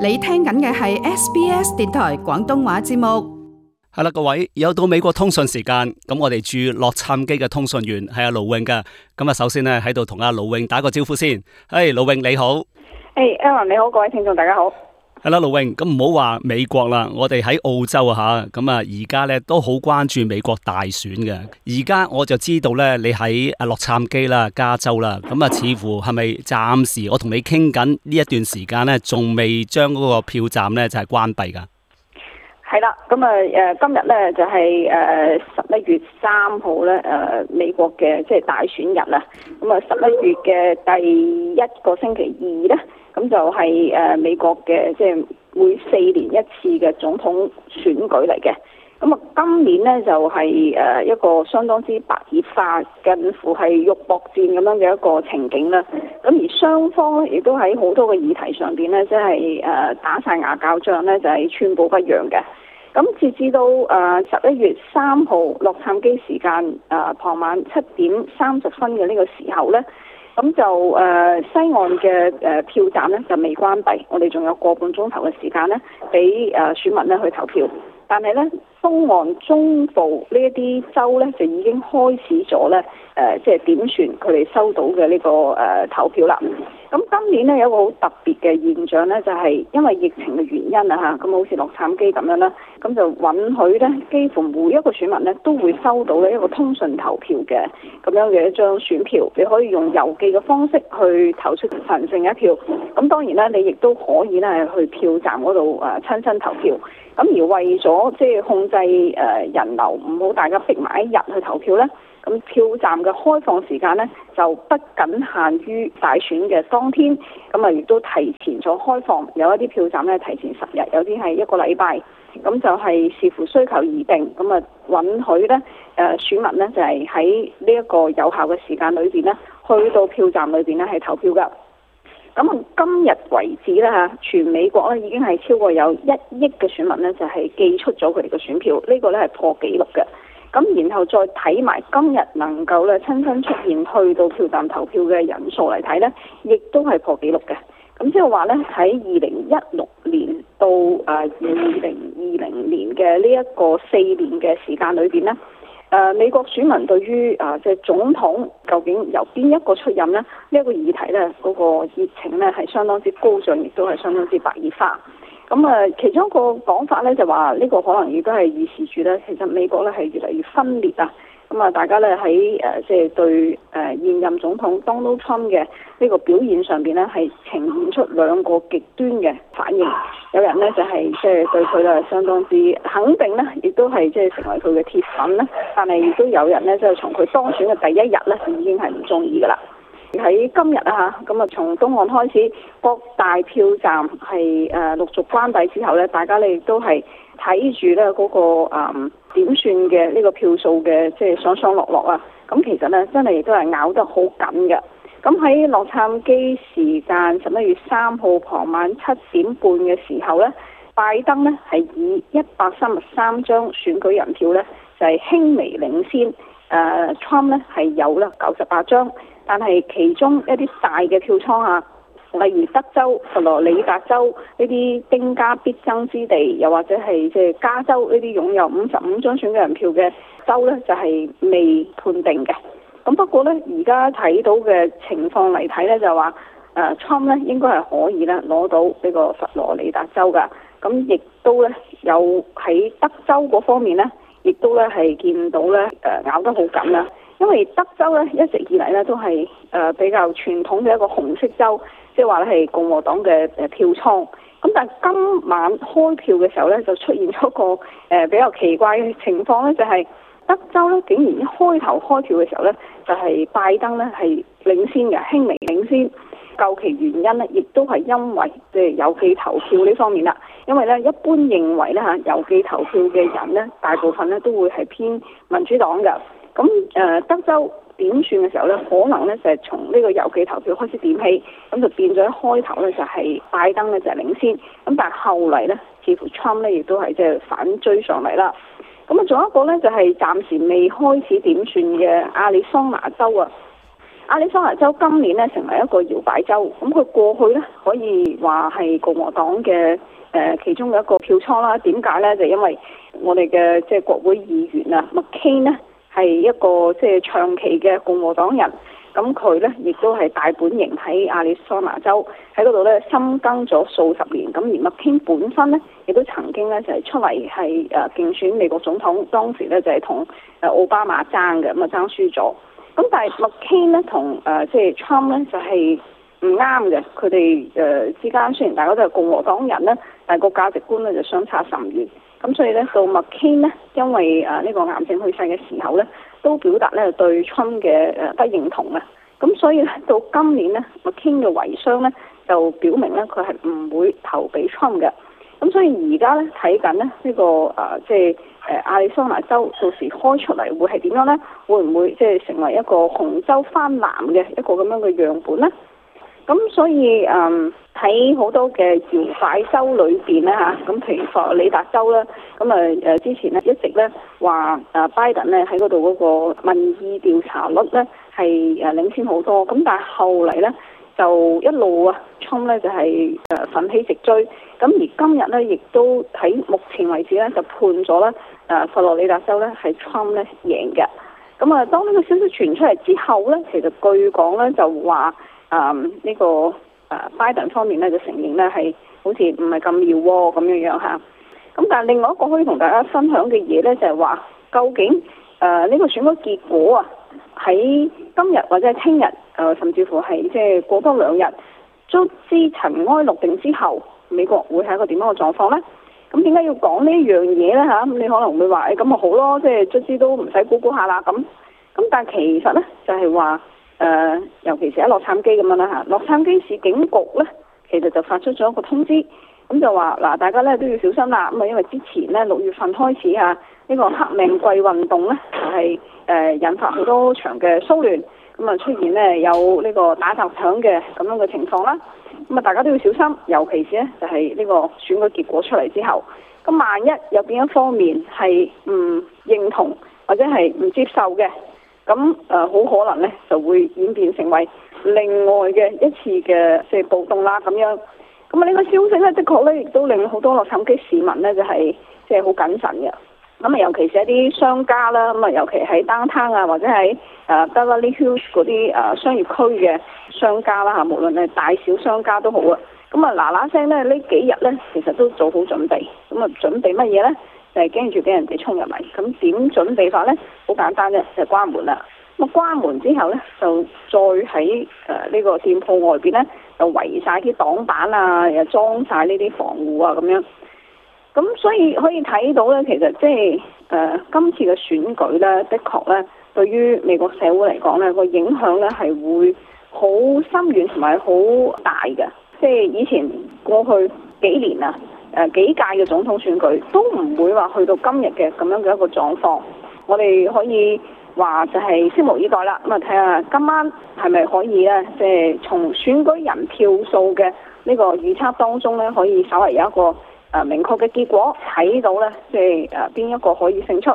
你聽緊嘅係 SBS 電台廣東話節目，係啦，各位又到美國通訊時間，咁我哋住洛杉磯嘅通訊員係阿盧永嘅，咁啊，首先咧喺度同阿盧永打個招呼先，誒，盧永你好，誒，Alan 你好，各位聽眾大家好。係啦，盧榮，啊，咁唔好話美國啦，我哋喺澳洲啊吓，咁啊而家咧都好關注美國大選嘅。而家我就知道咧，你喺啊洛杉磯啦，加州啦，咁啊似乎係咪暫時我同你傾緊呢一段時間咧，仲未將嗰個票站咧就係、是、關閉㗎？係啦，咁啊，誒今日咧就係誒十一月三號咧，誒美國嘅即係大選日啦。咁啊，十一月嘅第一個星期二咧，咁就係誒美國嘅即係每四年一次嘅總統選舉嚟嘅。咁啊，今年呢，就係誒一個相當之白熱化，近乎係肉搏戰咁樣嘅一個情景啦。咁而雙方亦都喺好多嘅議題上邊咧，即係誒打晒牙較仗咧，就係寸步不讓嘅。咁截至到誒十一月三號洛杉磯時間誒傍晚七點三十分嘅呢個時候呢，咁就誒西岸嘅誒票站呢，就未關閉，我哋仲有個半鐘頭嘅時間呢，俾誒選民咧去投票，但係呢。東岸中部呢一啲州呢，就已經開始咗呢，誒、呃，即係點算佢哋收到嘅呢、呢個誒、呃、投票啦。咁今年呢，有一個好特別嘅現象呢，就係、是、因為疫情嘅原因啊嚇，咁好似洛杉磯咁樣啦，咁就允許呢幾乎每一個選民呢都會收到呢一個通訊投票嘅咁樣嘅一張選票，你可以用郵寄嘅方式去投出神聖一票。咁當然啦，你亦都可以呢去票站嗰度誒親身投票。咁而為咗即係控制制誒人流，唔好大家逼埋一日去投票呢。咁票站嘅開放時間呢，就不僅限於大選嘅當天，咁啊亦都提前咗開放，有一啲票站呢，提前十日，有啲係一個禮拜，咁就係視乎需求而定。咁啊允許呢誒、呃、選民呢，就係喺呢一個有效嘅時間裏邊呢，去到票站裏邊呢，係投票㗎。咁今日為止咧嚇，全美國咧已經係超過有一億嘅選民咧，就係寄出咗佢哋嘅選票，呢、呢個咧係破紀錄嘅。咁然後再睇埋今日能夠咧親身出現去到票站投票嘅人數嚟睇咧，亦都係破紀錄嘅。咁即係話咧，喺二零一六年到啊二零二零年嘅呢一個四年嘅時間裏邊咧。誒、呃、美國選民對於啊即係總統究竟由邊一個出任呢？呢、呢、一個議題咧，嗰、嗰個熱情呢，係相當之高漲，亦都係相當之白熱化。咁、嗯、啊、呃，其中一個講法呢，就話呢個可能亦都係預示住呢，其實美國呢，係越嚟越分裂啊。咁啊，大家咧喺誒即係對誒現任總統 Donald Trump 嘅呢個表現上邊咧，係呈現出兩個極端嘅反應。有人咧就係即係對佢咧相當之肯定咧，亦都係即係成為佢嘅鐵粉咧。但係亦都有人咧即係從佢當選嘅第一日咧，已經係唔中意噶啦。喺今日啊，咁啊，從東岸開始各大票站係誒陸續關閉之後咧，大家咧、那個呃啊、亦都係睇住咧嗰個誒點算嘅呢個票數嘅即係上上落落啊。咁其實咧真係亦都係咬得好緊嘅。咁喺洛杉磯時間十一月三號傍晚七點半嘅時候咧，拜登呢係以一百三十三張選舉人票咧就係、是、輕微領先，誒 Trump 咧係有啦九十八張。但係其中一啲大嘅票倉啊，例如德州、佛羅里達州呢啲兵家必爭之地，又或者係即係加州呢啲擁有五十五張選舉人票嘅州呢就係、是、未判定嘅。咁不過呢，而家睇到嘅情況嚟睇呢就話誒川咧應該係可以咧攞到呢個佛羅里達州噶。咁亦都呢，有喺德州嗰方面呢，亦都呢係見到呢，誒、呃、咬得好緊啦。因為德州咧一直以嚟咧都係誒比較傳統嘅一個紅色州，即係話咧係共和黨嘅誒票倉。咁但係今晚開票嘅時候咧，就出現咗個誒比較奇怪嘅情況咧，就係德州咧竟然一開頭開票嘅時候咧，就係拜登咧係領先嘅，輕微領先。究其原因咧，亦都係因為即係郵寄投票呢方面啦。因為咧一般認為咧嚇郵寄投票嘅人咧，大部分咧都會係偏民主黨嘅。咁誒德州點算嘅時候咧，可能咧就係、是、從呢個郵寄投票開始點起，咁就變咗一開頭咧就係拜登咧就係、是、領先，咁但係後嚟咧，似乎 Trump 咧亦都係即係反追上嚟啦。咁啊，仲有一個咧就係、是、暫時未開始點算嘅阿里桑拿州啊，阿里桑拿州今年咧成為一個搖擺州，咁佢過去咧可以話係共和黨嘅誒其中嘅一個票倉啦。點解咧？就是、因為我哋嘅即係國會議員啊 m c i n 咧。係一個即係長期嘅共和黨人，咁佢咧亦都係大本營喺亞利桑那州，喺嗰度咧深耕咗數十年。咁而麥凱恩本身咧，亦都曾經咧就係出嚟係誒競選美國總統，當時咧就係同誒奧巴馬爭嘅，咁啊爭輸咗。咁但係麥凱恩咧同誒即係 Trump 咧就係唔啱嘅，佢哋誒之間雖然大家都係共和黨人咧，但係個價值觀咧就相差甚遠。咁所以咧，到 McCain 咧，因為誒呢個癌症去世嘅時候咧，都表達咧對 Trump 嘅誒不認同嘅。咁所以咧，到今年咧，McCain 嘅遺孀咧就表明咧佢係唔會投俾 Trump 嘅。咁所以而家咧睇緊咧呢個誒，即係誒亞利桑那州到時開出嚟會係點樣咧？會唔會即係成為一個紅州翻藍嘅一個咁樣嘅樣本咧？咁所以嗯，喺好多嘅搖擺州裏邊咧吓，咁譬如佛羅里達州啦，咁啊誒之前咧一直咧話啊拜登咧喺嗰度嗰個民意調查率咧係誒領先好多，咁但係後嚟咧就一路啊 Trump 咧就係誒奮起直追，咁而今日咧亦都喺目前為止咧就判咗啦，誒佛羅里達州咧係 Trump 咧贏嘅，咁啊當呢個消息傳出嚟之後咧，其實據講咧就話。啊，呢個啊拜登方面咧嘅承認咧係好似唔係咁妙喎咁樣樣吓。咁但係另外一個可以同大家分享嘅嘢咧就係、是、話，究竟誒呢、呃呢個選舉結果啊，喺今日或者係聽日誒，甚至乎係即係過多兩日，卒之塵埃落定之後，美國會係一個點樣嘅狀況咧？咁點解要講呢樣嘢咧？吓、啊，咁你可能會話誒咁咪好咯，即係卒之都唔使估估下啦咁。咁但係其實咧就係、是、話。誒、呃，尤其是喺洛杉磯咁樣啦吓、啊，洛杉磯市警局咧，其實就發出咗一個通知，咁就話嗱，大家咧都要小心啦，咁啊，因為之前咧六月份開始吓、啊，呢、這個黑命貴運動咧係誒引發好多場嘅騷亂，咁啊出現咧有呢個打砸搶嘅咁樣嘅情況啦，咁啊大家都要小心，尤其是咧就係、是、呢個選舉結果出嚟之後，咁萬一有邊一方面係唔認同或者係唔接受嘅。咁誒，好、呃、可能咧就會演變成為另外嘅一次嘅即係暴動啦咁樣。咁啊，呢、這個消息咧，的確咧亦都令好多洛杉磯市民咧，就係即係好謹慎嘅。咁啊，尤其是一啲商家啦，咁啊，尤其喺 Downtown 啊，或者喺誒得拉尼 hills 嗰啲誒商業區嘅商家啦嚇，無論係大小商家都好啊。咁啊，嗱嗱聲咧，幾呢幾日咧，其實都做好準備。咁啊，準備乜嘢咧？就係驚住俾人哋衝入嚟，咁點準備法呢？好簡單啫，就關門啦。咁關門之後呢，就再喺誒呢個店鋪外邊呢，就圍晒啲擋板啊，又裝晒呢啲防護啊，咁樣。咁所以可以睇到呢，其實即係誒今次嘅選舉呢，的確呢，對於美國社會嚟講呢，個影響呢係會好深遠同埋好大嘅。即係以前過去幾年啊。誒幾屆嘅總統選舉都唔會話去到今日嘅咁樣嘅一個狀況，我哋可以話就係拭目以待啦。咁啊睇下今晚係咪可以咧，即係從選舉人票數嘅呢個預測當中咧，可以稍微有一個誒明確嘅結果睇到咧，即係誒邊一個可以勝出。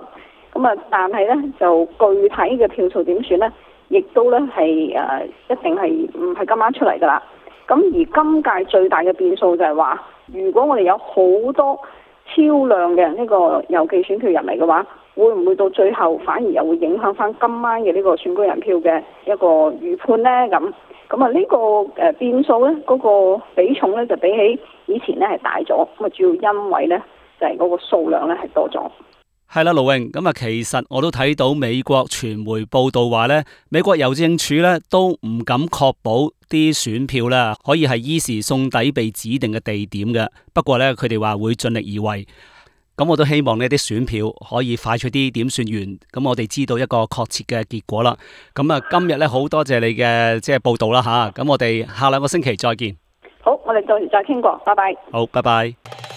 咁啊，但係咧就具體嘅票數點算咧，亦都咧係誒一定係唔係今晚出嚟噶啦。咁而今屆最大嘅變數就係話。如果我哋有好多超量嘅呢個郵寄選票入嚟嘅話，會唔會到最後反而又會影響翻今晚嘅呢個選舉人票嘅一個預判呢？咁咁啊呢個誒變數呢，嗰、嗰個比重呢，就比起以前呢係大咗，咁啊主要因為呢，就係、係、嗰個數量呢係多咗。係啦，盧永，咁啊，其實我都睇到美國傳媒報道話咧，美國郵政署咧都唔敢確保啲選票啦，可以係依時送抵被指定嘅地點嘅。不過咧，佢哋話會盡力而為。咁我都希望呢啲選票可以快脆啲點算完，咁我哋知道一個確切嘅結果啦。咁啊，今日咧，好多謝你嘅即係報道啦吓。咁我哋下兩個星期再見。好，我哋到時再傾過。拜拜。好，拜拜。